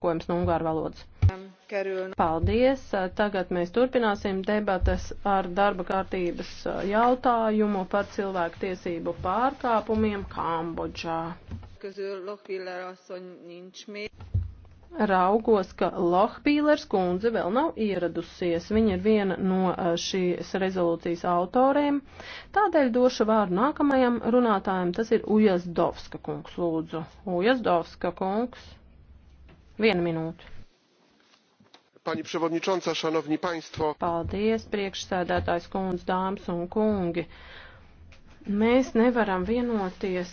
tulkojums no ungāru valodas. Paldies. Tagad mēs turpināsim debatas ar darba kārtības jautājumu par cilvēku tiesību pārkāpumiem Kambodžā. Raugos, ka Lohpīlers kundze vēl nav ieradusies. Viņa ir viena no eh, šīs rezolūcijas autoriem. Tādēļ došu vārdu nākamajam runātājam. Tas ir Ujazdovska kungs, lūdzu. Ujazdovska kungs. Vienu minūtu. Pani przewodnicząca, szanowni państwo. Paldies, priekšsēdētājs kundz, dāmas un kungi. Mēs nevaram vienoties.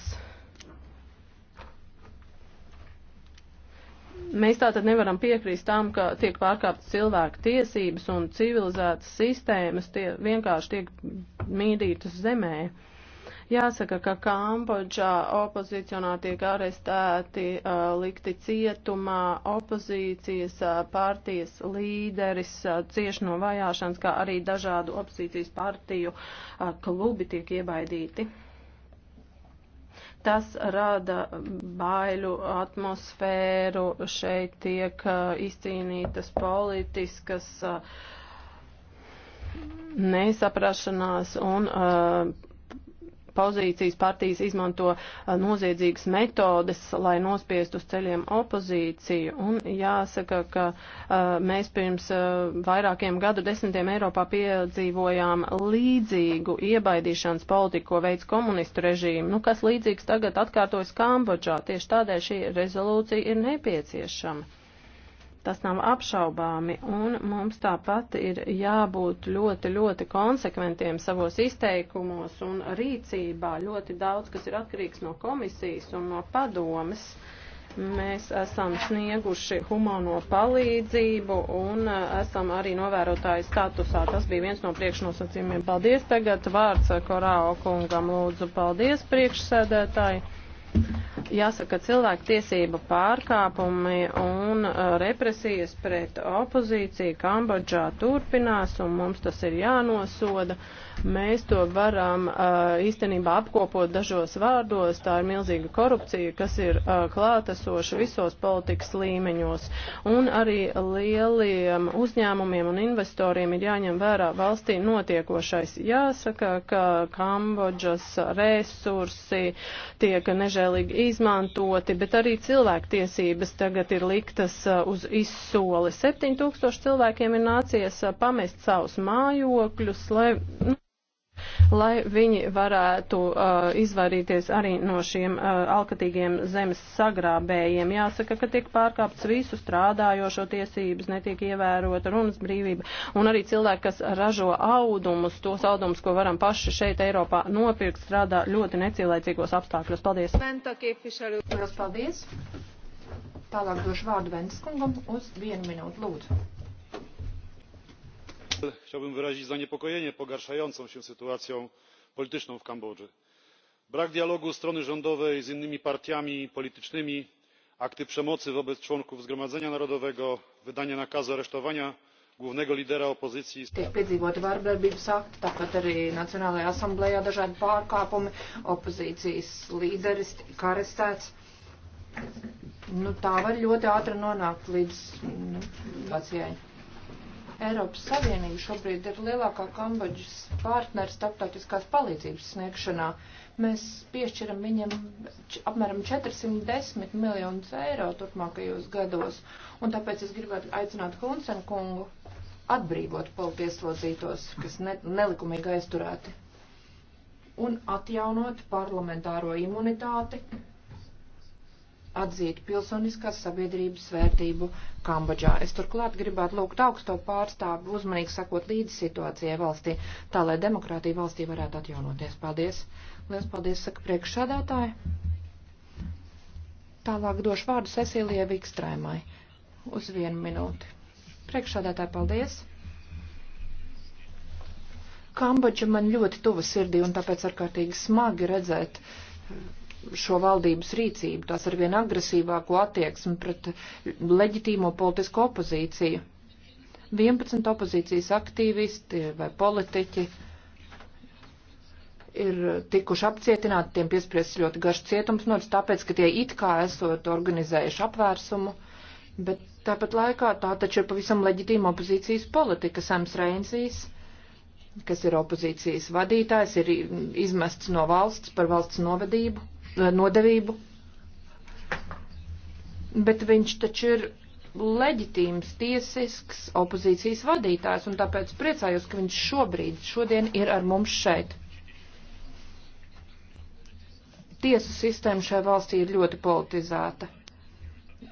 Mēs tātad nevaram piekrīst tam, ka tiek pārkāptas cilvēku tiesības un civilizētas sistēmas tie vienkārši tiek mīdītas zemē. Uh, Jāsaka, ka Kambodžā opozicionā tiek arestēti, likti cietumā, opozīcijas partijas līderis cieš no vajāšanas, kā arī dažādu opozīcijas partiju klubi tiek iebaidīti tas rada baiļu atmosfēru, šeit tiek izcīnītas politiskas nesaprašanās un pozīcijas partijas izmanto uh, noziedzīgas metodes, lai nospiestu uz ceļiem opozīciju. Un jāsaka, ka uh, mēs pirms uh, vairākiem gadu desmitiem Eiropā piedzīvojām līdzīgu iebaidīšanas politiku, ko veids komunistu režīmu, nu, kas līdzīgs tagad atkārtojas Kambodžā. Tieši tādēļ šī rezolūcija ir nepieciešama. Tas nav apšaubāmi, un mums tāpat ir jābūt ļoti, ļoti konsekventiem savos izteikumos un rīcībā. Ļoti daudz, kas ir atkarīgs no komisijas un no padomes. Mēs esam snieguši humano palīdzību un esam arī novērotāju statusā. Tas bija viens no priekšnosacījumiem. Paldies tagad vārds Korāo kungam lūdzu. Paldies priekšsēdētāji. Jāsaka, cilvēku tiesība pārkāpumi un uh, represijas pret opozīciju Kambodžā turpinās, un mums tas ir jānosoda. Mēs to varam uh, īstenībā apkopot dažos vārdos. Tā ir milzīga korupcija, kas ir uh, klātesoša visos politikas līmeņos. Un arī lieliem uzņēmumiem un investoriem ir jāņem vērā valstī notiekošais. Jāsaka, ka Kambodžas resursi tiek nežēlīgi nežēlīgi izmantoti, bet arī cilvēktiesības tagad ir liktas uh, uz izsoli. 7000 cilvēkiem ir nācies uh, pamest savus mājokļus, lai. Nu, lai viņi varētu uh, izvairīties arī no šiem uh, alkatīgiem zemes sagrābējiem. Jāsaka, ka tiek pārkāptas visu strādājošo tiesības, netiek ievērota runas brīvība, un arī cilvēki, kas ražo audumus, tos audumus, ko varam paši šeit Eiropā nopirkt, strādā ļoti necilvēcīgos apstākļos. Paldies! Paldies! Tālāk došu vārdu Venskungam uz vienu minūtu lūdzu chciałbym wyrazić zaniepokojenie pogarszającą się sytuacją polityczną w kambodży. brak dialogu strony rządowej z innymi partiami politycznymi akty przemocy wobec członków zgromadzenia narodowego wydanie nakazu aresztowania głównego lidera opozycji. tiek piedzīvoti vardarbības akti tāpat arī nacionālajā asamblējā dažādi pārkāpumi opozīcijas līderis tika arestēts. Nu, tā var ļoti ātri nonākt līdz nu, vācijai. Eiropas Savienība šobrīd ir lielākā Kambodžas partneris starptautiskās palīdzības sniegšanā. Mēs piešķiram viņam apmēram 410 miljonus eiro turpmākajos gados, un tāpēc es gribētu aicināt Hunsen kungu atbrīvot politieslodzītos, kas ne, nelikumīgi aizturēti, un atjaunot parlamentāro imunitāti atzīt pilsoniskās sabiedrības vērtību Kambodžā. Es turklāt gribētu lūgt augsto pārstāvu uzmanīgi sakot līdzi situācijai valstī, tā lai demokrātija valstī varētu atjaunoties. Paldies! Liels paldies, saka priekšsādātāji! Tālāk došu vārdu Cecīlijai Vikstrēmai. Uz vienu minūti. Priekšsādātāji, paldies! Kambodža man ļoti tuva sirdī un tāpēc ārkārtīgi smagi redzēt šo valdības rīcību, tās arvien agresīvāko attieksmi pret leģitīmo politisko opozīciju. 11 opozīcijas aktīvisti vai politiķi ir tikuši apcietināti, tiem piespriests ļoti garš cietums, no tāpēc, ka tie it kā esot organizējuši apvērsumu, bet tāpat laikā tā taču ir pavisam leģitīma opozīcijas politika. Sams Reinsīs, kas ir opozīcijas vadītājs, ir izmests no valsts par valsts novadību nodevību, bet viņš taču ir leģitīms, tiesisks opozīcijas vadītājs, un tāpēc priecājos, ka viņš šobrīd, šodien ir ar mums šeit. Tiesu sistēma šai valstī ir ļoti politizēta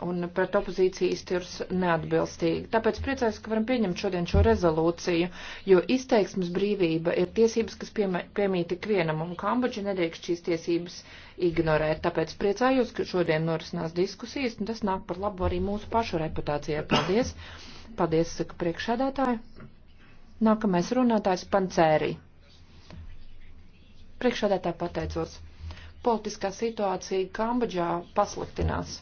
un pret opozīciju izturs neatbilstīgi. Tāpēc priecājos, ka varam pieņemt šodien šo rezolūciju, jo izteiksmes brīvība ir tiesības, kas piemīt ikvienam, un Kambodža nedrīkst šīs tiesības ignorēt. Tāpēc priecājos, ka šodien norisinās diskusijas, un tas nāk par labu arī mūsu pašu reputācijai. Paldies! Paldies, saka priekšsēdētāji. Nākamais runātājs Pancēri. Priekšsēdētāji pateicos. Politiskā situācija Kambodžā pasliktinās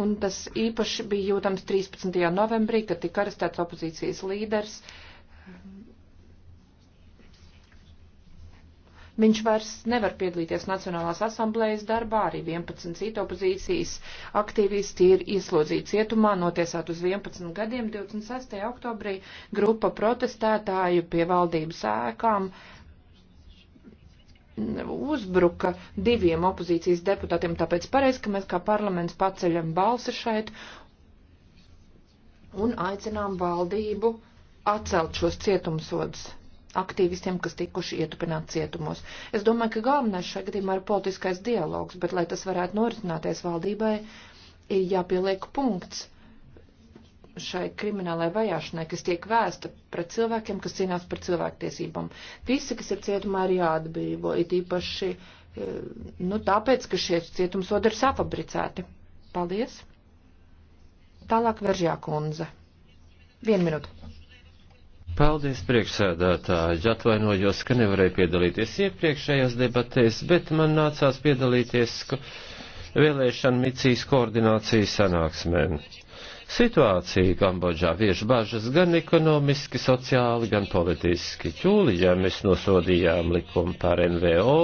un tas īpaši bija jūtams 13. novembrī, kad tika arestēts opozīcijas līderis. Viņš vairs nevar piedalīties Nacionālās asamblējas darbā, arī 11 citu opozīcijas aktīvisti ir ieslodzīti cietumā, notiesāt uz 11 gadiem. 26. oktobrī grupa protestētāju pie valdības ēkām uh, uzbruka diviem opozīcijas deputātiem, tāpēc pareizi, ka mēs kā parlaments paceļam balsi šeit un aicinām valdību atcelt šos cietumsodus aktīvistiem, kas tikuši ietupināti cietumos. Es domāju, ka galvenais šajā gadījumā ir politiskais dialogs, bet, lai tas varētu norisināties valdībai, ir jāpieliek punkts šai kriminālai vajāšanai, kas tiek vēsta pret cilvēkiem, kas cīnās par cilvēktiesībām. Visi, kas ir cietumā, ir jāatbrīvo, it īpaši, eh, nu, tāpēc, ka šie cietumsodi ir safabricēti. Paldies. Tālāk veržjā kundze. Vienu minūtu. Paldies, priekšsēdētāji. Atvainojos, ka nevarēju piedalīties iepriekšējās debatēs, bet man nācās piedalīties vēlēšana micijas koordinācijas sanāksmēm. Situācija Kambodžā vieš bažas gan ekonomiski, sociāli, gan politiski. Ķūlijā mēs nosodījām likumu par NVO.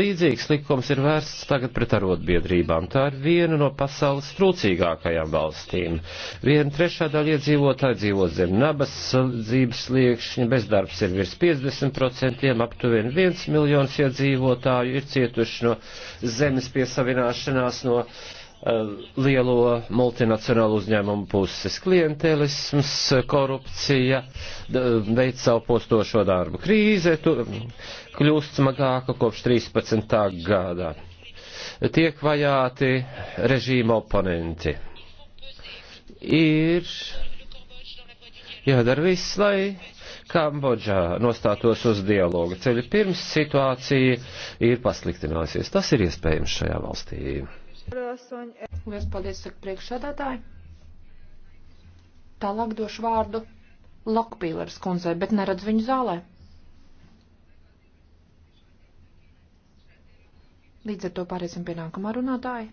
Līdzīgs likums ir vērsts tagad pret arotbiedrībām. Tā ir viena no pasaules trūcīgākajām valstīm. Viena trešā daļa iedzīvotāji dzīvo zem nabadzības sliekšņa, bezdarbs ir virs 50%, aptuveni 1 miljons iedzīvotāju ir cietuši no zemes piesavināšanās no Uh, lielo multinacionālu uzņēmumu puses klientelisms, korupcija, uh, veic savu postošo darbu. Krīze tur um, kļūst smagāka kopš 13. gadā. Tiek vajāti režīma oponenti. Ir jādara viss, lai Kambodžā nostātos uz dialoga ceļu pirms situācija ir pasliktinājusies. Tas ir iespējams šajā valstī. Lielas paldies, saka priekšsēdētāji. Tālāk došu vārdu Lokpīlers kundzei, bet neredz viņu zālē. Līdz ar to pāriesim pie nākamā runātāja.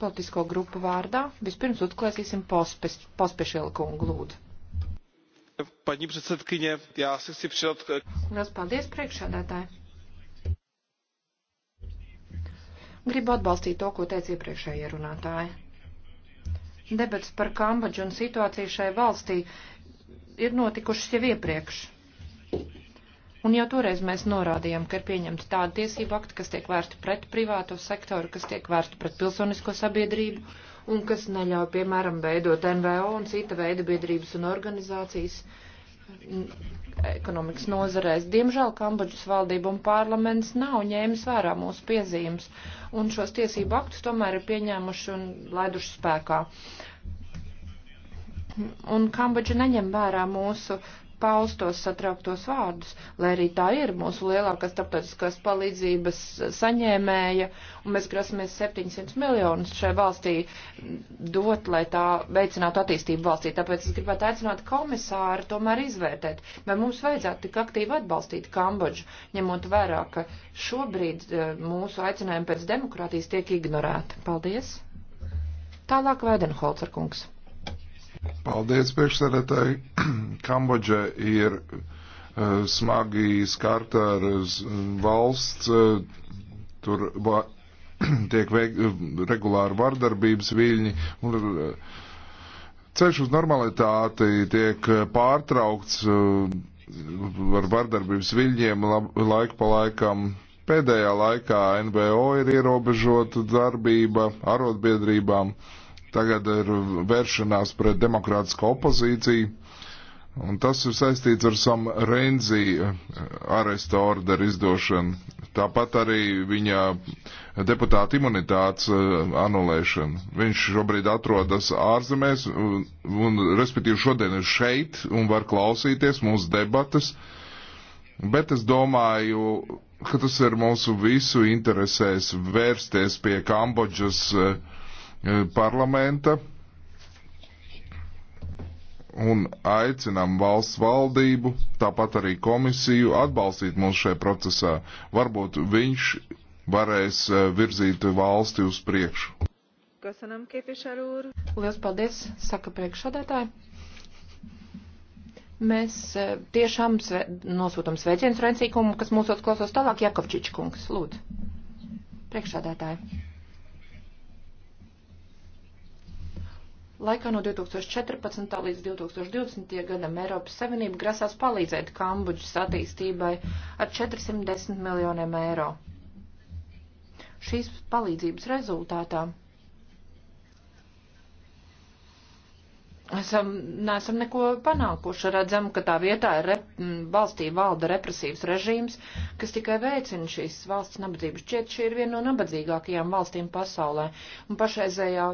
Politisko grupu vārdā vispirms uzklāsīsim pospešielu kungu lūdzu. Paņi predsedkiņē, jā, es esmu priekšsēdētāji. Lielas paldies, priekšsēdētāji. Gribu atbalstīt to, ko teica iepriekšējie runātāji. Debats par Kambodžu un situāciju šai valstī ir notikušas jau iepriekš. Un jau toreiz mēs norādījām, ka ir pieņemti tādi tiesību akti, kas tiek vērsti pret privāto sektoru, kas tiek vērsti pret pilsonisko sabiedrību un kas neļauj, piemēram, veidot NVO un cita veida biedrības un organizācijas, uh, ekonomikas nozarēs. Diemžēl Kambodžas valdība un parlaments nav ņēmis vērā mūsu piezīmes, un šos tiesību aktus tomēr ir pieņēmuši un laiduši spēkā. Un Kambodža neņem vērā mūsu paustos satrauktos vārdus, lai arī tā ir mūsu lielākā starptautiskās palīdzības saņēmēja, un mēs grasamies 700 miljonus šai valstī dot, lai tā veicinātu attīstību valstī. Tāpēc es gribētu aicināt komisāru tomēr izvērtēt, vai mums vajadzētu tik aktīvi atbalstīt Kambodžu, ņemot vērā, ka šobrīd e, mūsu aicinājumi pēc demokrātijas tiek ignorēti. Paldies! Tālāk Vēdenholcer kungs. Paldies, priekšsēdētāji. Kambodža ir uh, smagi skarta ar uh, valsts, uh, tur va, tiek veik, regulāri vardarbības viļņi. Un, ceļš uz normalitāti tiek pārtraukts ar vardarbības viļņiem laiku pa laikam. Pēdējā laikā NVO ir ierobežota darbība arotbiedrībām tagad ir vēršanās pret demokrātisko opozīciju. Un tas ir saistīts ar Sam Renzi eh, aresta orderu izdošanu. Tāpat arī viņa deputāta imunitātes eh, anulēšana. Viņš šobrīd atrodas ārzemēs, un, un respektīvi šodien ir šeit un var klausīties mūsu debatas. Bet es domāju, ka tas ir mūsu visu interesēs vērsties pie Kambodžas uh, E, parlamenta un aicinām valsts valdību, tāpat arī komisiju atbalstīt mūs šajā procesā. Varbūt viņš varēs e, virzīt valsti uz priekšu. Lielas paldies, saka priekšsādātāji. Mēs e, tiešām sve, nosūtam sveicienus Rencīkumu, kas mūsos klausos tālāk Jakovčičkungs. Lūdzu, priekšsādātāji. Laikā no 2014. līdz 2020. gadam Eiropas Savienība grasās palīdzēt Kambodžas attīstībai ar 410 miljoniem eiro. Šīs palīdzības rezultātā esam, neesam neko panākuši. Redzam, ka tā vietā ir rep, valstī valda represīvs režīms, kas tikai veicina šīs valsts nabadzību. Šķiet, šī ir viena no nabadzīgākajām valstīm pasaulē. Un pašreizējā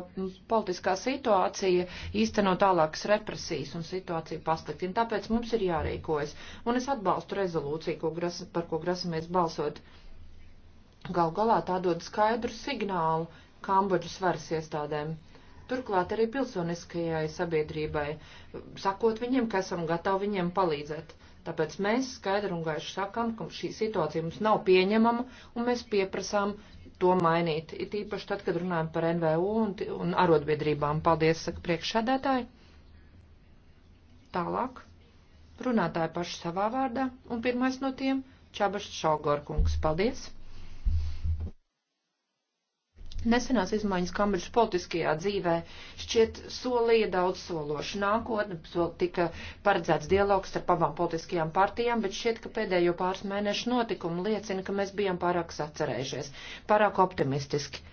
politiskā situācija īsteno tālākas represijas un situācija pasliktina. Tāpēc mums ir jārīkojas. Un es atbalstu rezolūciju, ko gras, par ko grasamies balsot. Gal galā tā dod skaidru signālu Kambodžas varas iestādēm turklāt arī pilsoniskajai sabiedrībai, sakot viņiem, ka esam gatavi viņiem palīdzēt. Tāpēc mēs skaidri un gaiši sakam, ka šī situācija mums nav pieņemama un mēs pieprasām to mainīt. It īpaši tad, kad runājam par NVO un, un arotbiedrībām. Paldies, saka priekšsēdētāji. Tālāk. Runātāji paši savā vārdā un pirmais no tiem - Čabašs Šalgorkungs. Paldies! Nesenās izmaiņas Kambridžas politiskajā dzīvē šķiet solīja daudz sološu nākotni, tika paredzēts dialogs starp abām politiskajām partijām, bet šķiet, ka pēdējo pāris mēnešu notikumu liecina, ka mēs bijām pārāk sacerējušies, pārāk optimistiski.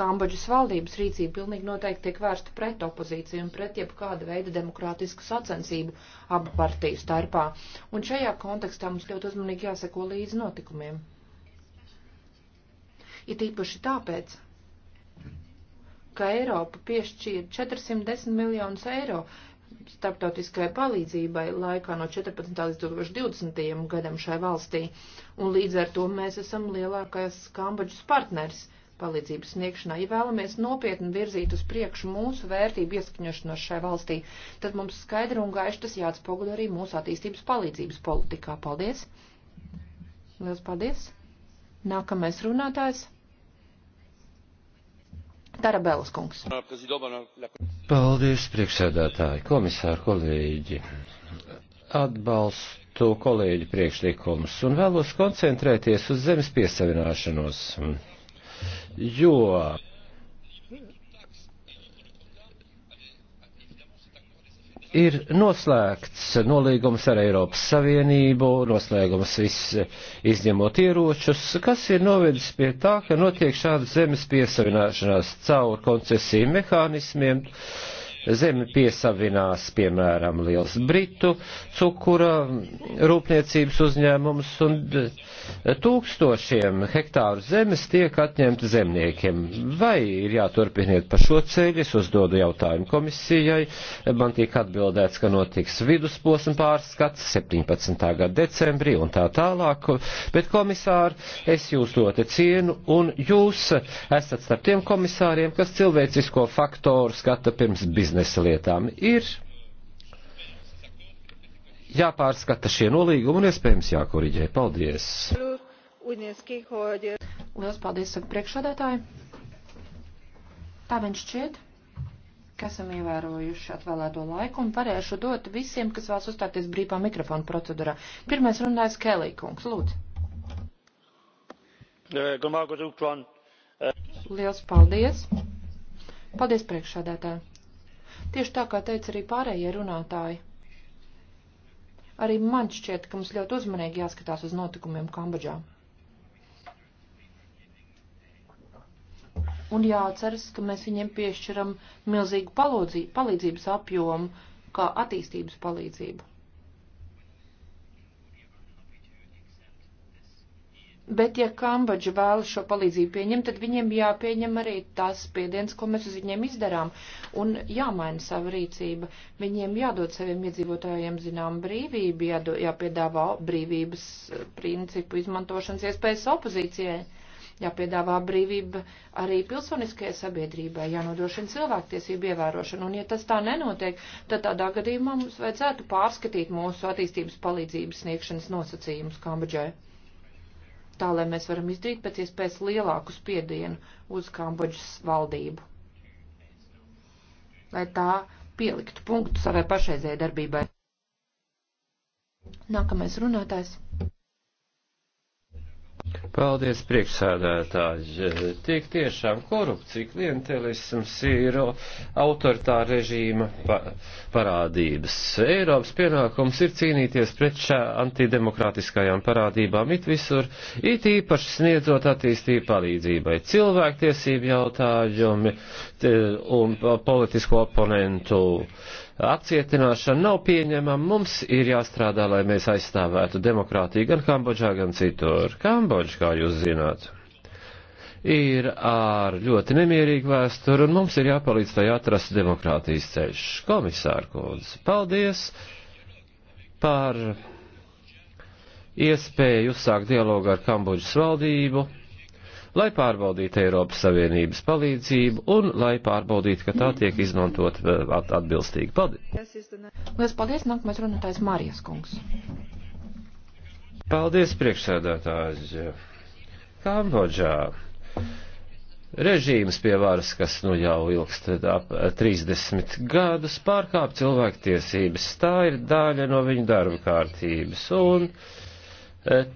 Kambodžas valdības rīcība pilnīgi noteikti tiek vērsta pret opozīciju un pret jebkāda veida demokrātisku sacensību abu partiju starpā. Un šajā kontekstā mums ļoti uzmanīgi jāseko līdz notikumiem. It īpaši tāpēc, ka Eiropa piešķīra 410 miljonus eiro starptautiskai palīdzībai laikā no 14. līdz 2020. gadam šai valstī, un līdz ar to mēs esam lielākais Kambodžas partners palīdzības sniegšanā. Ja vēlamies nopietni virzīt uz priekšu mūsu vērtību ieskaņošanos šai valstī, tad mums skaidri un gaiši tas jāatspoguļo arī mūsu attīstības palīdzības politikā. Paldies! Lielas paldies! Nākamais runātājs Tarabēlas kungs. Paldies, priekšsēdētāji, komisāri, kolēģi. Atbalstu kolēģi priekšlikumus un vēlos koncentrēties uz zemes piesavināšanos, jo ir noslēgts nolīgums ar Eiropas Savienību, noslēgums viss izņemot ieročus, kas ir novedis pie tā, ka notiek šāda zemes piesavināšanās caur koncesiju mehānismiem. Uh, zemi piesavinās, piemēram, liels britu cukura rūpniecības uzņēmums, un eh, tūkstošiem hektāru zemes tiek atņemta zemniekiem. Vai ir jāturpiniet pa šo ceļu? Es uzdodu jautājumu komisijai. Man tiek atbildēts, ka notiks vidusposma pārskats 17. gada decembrī un tā tālāk. Bet, komisāri, es jūs ļoti cienu, un jūs esat starp tiem komisāriem, kas cilvēcisko faktoru skata pirms biznesa biznesa lietām. Ir jāpārskata šie nolīgumi un iespējams jākoriģē. Paldies! Lielas paldies, saka priekšsādātāji. Tā viņš šķiet, ka esam ievērojuši atvēlēto laiku un varēšu dot visiem, kas vēlas uzstāties brīvā mikrofona procedūrā. Pirmais runājas Kelī kungs, lūdzu. Lielas paldies. Paldies priekšsādātāji. Tieši tā kā teica arī pārējie runātāji. Arī man šķiet, ka mums ļoti uzmanīgi jāskatās uz notikumiem Kambodžā. Un jāatceras, ka mēs viņiem piešķiram milzīgu palīdzības apjomu kā attīstības palīdzību. Bet, ja Kambodža vēlas šo palīdzību pieņemt, tad viņiem jāpieņem arī tās spiediens, ko mēs uz viņiem izdarām, un jāmaina sava rīcība. Viņiem jādod saviem iedzīvotājiem zinām brīvību, jādo, jāpiedāvā brīvības eh, principu izmantošanas iespējas opozīcijai, jāpiedāvā brīvība arī pilsoniskajai sabiedrībai, jānodrošina cilvēktiesību ievērošana, un ja tas tā nenotiek, tad tādā gadījumā mums vajadzētu pārskatīt mūsu attīstības palīdzības sniegšanas nosacījumus Kambodžai tā lai mēs varam izdarīt pēc iespējas lielāku spiedienu uz Kambodžas valdību. Lai tā pieliktu punktu savai pašreizējai darbībai. Nākamais runātājs. Paldies, priekšsādātāji. Tiek tiešām korupcija, klientelisms ir autoritāra režīma parādības. Eiropas pienākums ir cīnīties pret šā antidemokrātiskajām parādībām it visur, it īpaši sniedzot attīstību palīdzībai, cilvēktiesību jautājumi un politisko oponentu apcietināšana nav pieņemama. Mums ir jāstrādā, lai mēs aizstāvētu demokrātiju gan Kambodžā, gan citur. Kambodža, kā jūs zināt, ir ar ļoti nemierīgu vēsturu, un mums ir jāpalīdz tai atrast demokrātijas ceļš. Komisāra kundze, paldies par iespēju uzsākt dialogu ar Kambodžas valdību lai pārbaudītu Eiropas Savienības palīdzību un lai pārbaudītu, ka tā tiek izmantot eh, atbilstīgi. Paldies! Lielas paldies! Nākamais runātājs Mārijas kungs. Paldies, priekšsēdētājs! Kambodžā režīms pie varas, kas nu jau ilgst ap 30 gadus, pārkāp cilvēktiesības. Tā ir daļa no viņu darba kārtības. Un eh,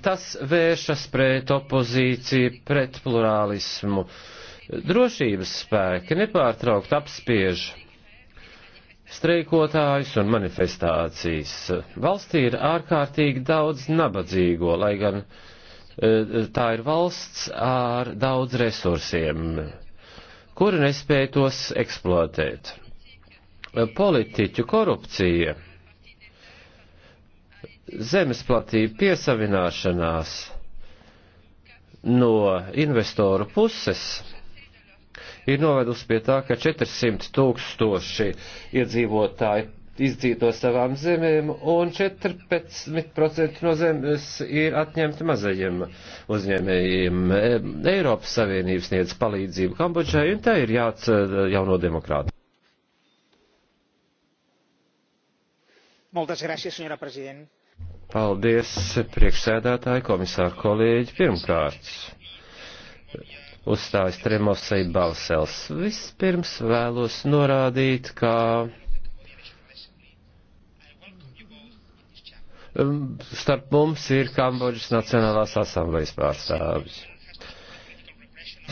tas vēršas pret opozīciju, pret plurālismu. Drošības spēki nepārtraukt apspiež streikotājus un manifestācijas. Valstī ir ārkārtīgi daudz nabadzīgo, lai gan e, tā ir valsts ar daudz resursiem, kuri nespēja tos eksploatēt. Politiķu korupcija zemes platība piesavināšanās no investoru puses ir novedusi pie tā, ka 400 tūkstoši iedzīvotāji izdzīvo no savām zemēm, un 14% no zemes ir atņemti mazajiem uzņēmējiem. Eiropas Savienības sniedz palīdzību Kambodžai, un tā ir jāatcer jauno demokrātu. Moltes gràcies, senyora presidenta. Paldies, priekšsēdētāji, komisāri, kolēģi. Pirmkārt, uzstājas Tremosai Balsels. Vispirms vēlos norādīt, ka um, starp mums ir Kambodžas Nacionālās asamblejas pārstāvis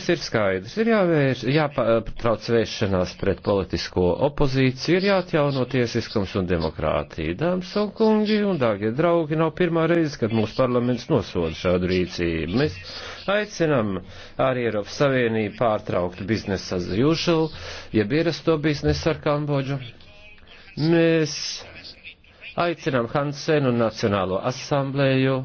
ir skaidrs. Ir jāvērš, jāpatrauc vēršanās pret politisko opozīciju, ir jāatjauno tiesiskums un demokrātija. Dāmas un kungi un dārgie draugi, nav pirmā reize, kad mūsu parlaments nosoda šādu rīcību. Mēs aicinam arī Eiropas Savienību pārtraukt biznesu as usual, jeb ierasto biznesu ar Kambodžu. Mēs aicinām Hansenu un Nacionālo asamblēju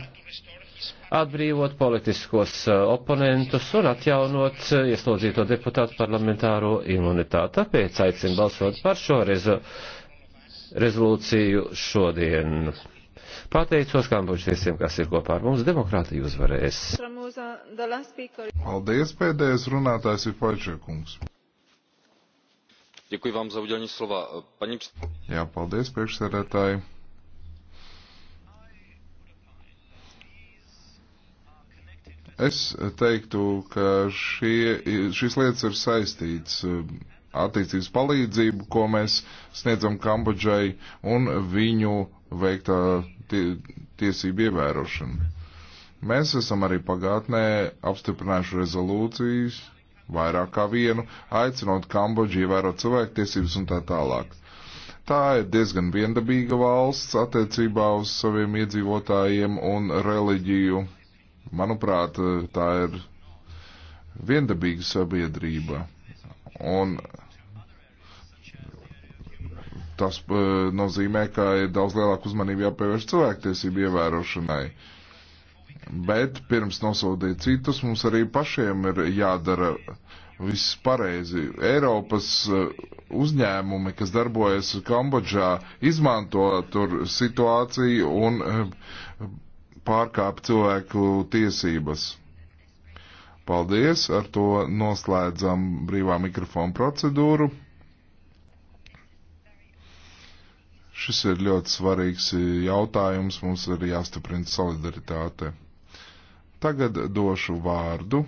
atbrīvot politiskos eh, oponentus un atjaunot eh, ieslodzīto deputātu parlamentāro imunitāti. Tāpēc aicinu balsot par šo rezo rezolūciju šodien. Pateicos Kambodžas viesiem, kas ir kopā ar mums. Demokrātija uzvarēs. Paldies, pēdējais runātājs ir Pačekungs. Děkuji vám za udělení slova. Paní... Jā, paldies, priekšsēdētāji. Es teiktu, ka šie, šīs lietas ir saistītas um, attīstības palīdzību, ko mēs sniedzam Kambodžai un viņu veiktā tie, tiesību ievērošanu. Mēs esam arī pagātnē apstiprinājuši rezolūcijas, vairāk kā vienu, aicinot Kambodžu ievērot cilvēktiesības un tā tālāk. Tā ir diezgan viendabīga valsts attiecībā uz saviem iedzīvotājiem un reliģiju Manuprāt, tā ir viendabīga sabiedrība. Un tas eh, nozīmē, ka ir daudz lielāka uzmanība jāpievērš cilvēktiesību ievērošanai. Bet pirms nosodīt citus, mums arī pašiem ir jādara viss pareizi. Eiropas eh, uzņēmumi, kas darbojas Kambodžā, izmanto tur situāciju un eh, pārkāp cilvēku tiesības. Paldies, ar to noslēdzam brīvā mikrofona procedūru. Šis ir ļoti svarīgs jautājums, mums ir jāstiprina solidaritāte. Tagad došu vārdu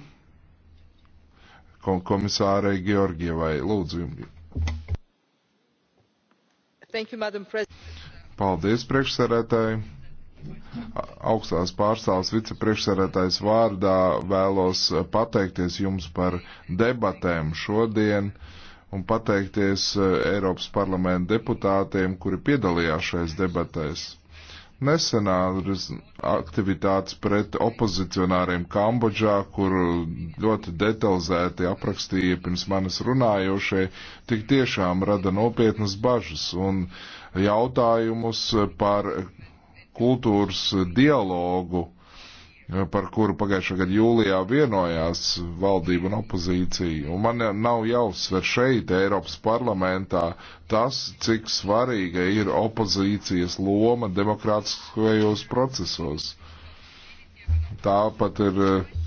komisārai Georgievai. Lūdzu. Thank you, Paldies, priekšsarētāji augstās pārstāvs vicepriekšsarētājs vārdā vēlos pateikties jums par debatēm šodien un pateikties eh, Eiropas parlamenta deputātiem, kuri piedalījās šais debatēs. Nesenās aktivitātes pret opozicionāriem Kambodžā, kur ļoti detalizēti aprakstīja pirms manis runājošie, tik tiešām rada nopietnas bažas un jautājumus par kultūras dialogu, eh, par kuru pagājušā gada jūlijā vienojās valdība un opozīcija. Un man nav jāuzsver šeit, Eiropas parlamentā, tas, cik svarīga ir opozīcijas loma demokrātiskajos procesos. Tāpat ir eh,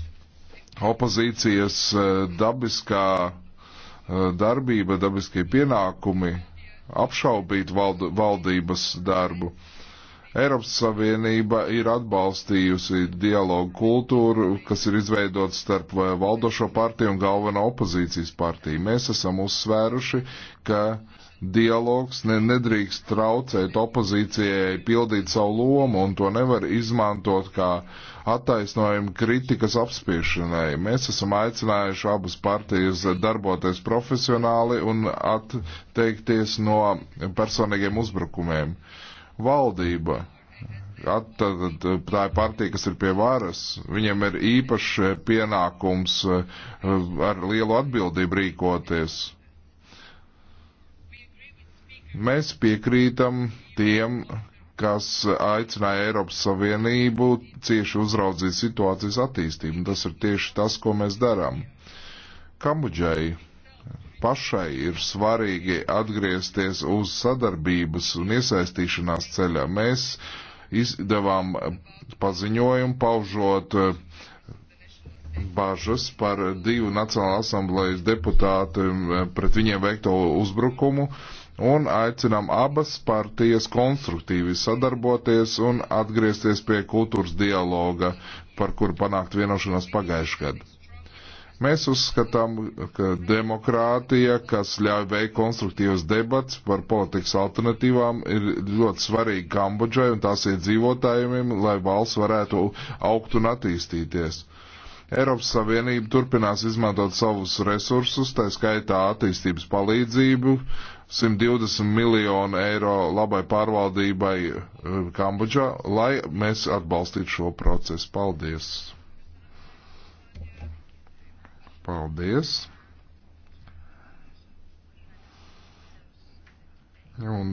opozīcijas eh, dabiskā darbība, dabiskie pienākumi apšaubīt vald valdības darbu. Uh, Eiropas Savienība ir atbalstījusi dialogu kultūru, kas ir izveidots starp valdošo partiju un galveno opozīcijas partiju. Mēs esam uzsvēruši, ka dialogs ne, nedrīkst traucēt opozīcijai pildīt savu lomu un to nevar izmantot kā attaisnojumu kritikas apspiešanai. Mēs esam aicinājuši abas partijas darboties profesionāli un atteikties no personīgiem uzbrukumiem. Uh, valdība. At, tad, eh, tā ir partija, kas ir pie varas. Viņiem ir īpašs eh, pienākums eh, ar lielu atbildību rīkoties. Mēs piekrītam tiem, kas aicināja Eiropas Savienību cieši uzraudzīt situācijas attīstību. Tas ir tieši tas, ko mēs darām. Kambudžai pašai ir svarīgi atgriezties uz sadarbības un iesaistīšanās ceļā. Mēs izdevām paziņojumu paužot eh, bažas par divu Nacionālā asamblejas deputātu eh, pret viņiem veikto uzbrukumu un aicinām abas partijas konstruktīvi sadarboties un atgriezties pie kultūras dialoga, par kuru panākt vienošanos pagājušajā gadā. Mēs uzskatām, ka demokrātija, kas ļauj veikt konstruktīvas debats par politikas alternatīvām, ir ļoti svarīga Kambodžai un tās iedzīvotājiem, lai valsts varētu augt un attīstīties. Eiropas Savienība turpinās izmantot savus resursus, tā skaitā attīstības palīdzību, 120 miljonu eiro labai pārvaldībai eh, Kambodžā, lai mēs atbalstītu šo procesu. Paldies! Paldies! Un